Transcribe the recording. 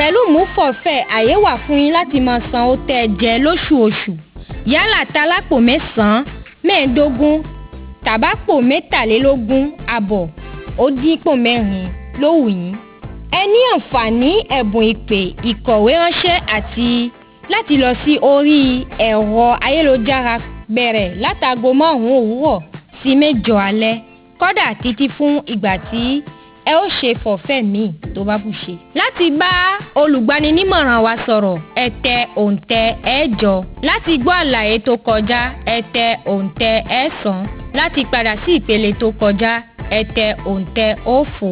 Pẹ̀lú ìmúfọ̀fẹ́ àyè wà fún yín láti máa san owó tẹ́ ẹ jẹ lóṣooṣù yálà talápò mẹ́sàn-án mẹ́ẹ̀ẹ́dógún tàbápò mẹ́tàlélógún àbọ̀ ó dípò mẹ́rin ló wù yín. Ẹ ní àǹfààní ẹ̀bùn ìpè ìkọ̀wé ránṣẹ́ àti láti lọ sí orí ẹ̀rọ ayélujára bẹ̀rẹ̀ látago márùn-ún òwúrọ̀ sí mẹ́jọ alẹ́ kódà títí fún ìgbà tí ẹ ó ṣe fọ̀fẹ́ míì tó bá bù ṣe. láti bá olùgbaninímọ̀ràn wa sọ̀rọ̀ ẹ tẹ òǹtẹ̀ ẹ̀jọ láti gbọ́ àlàyé tó kọjá ẹ tẹ òǹtẹ̀ ẹ̀sán láti padà sí ìpele tó kọjá ẹ tẹ òǹtẹ̀ òfo.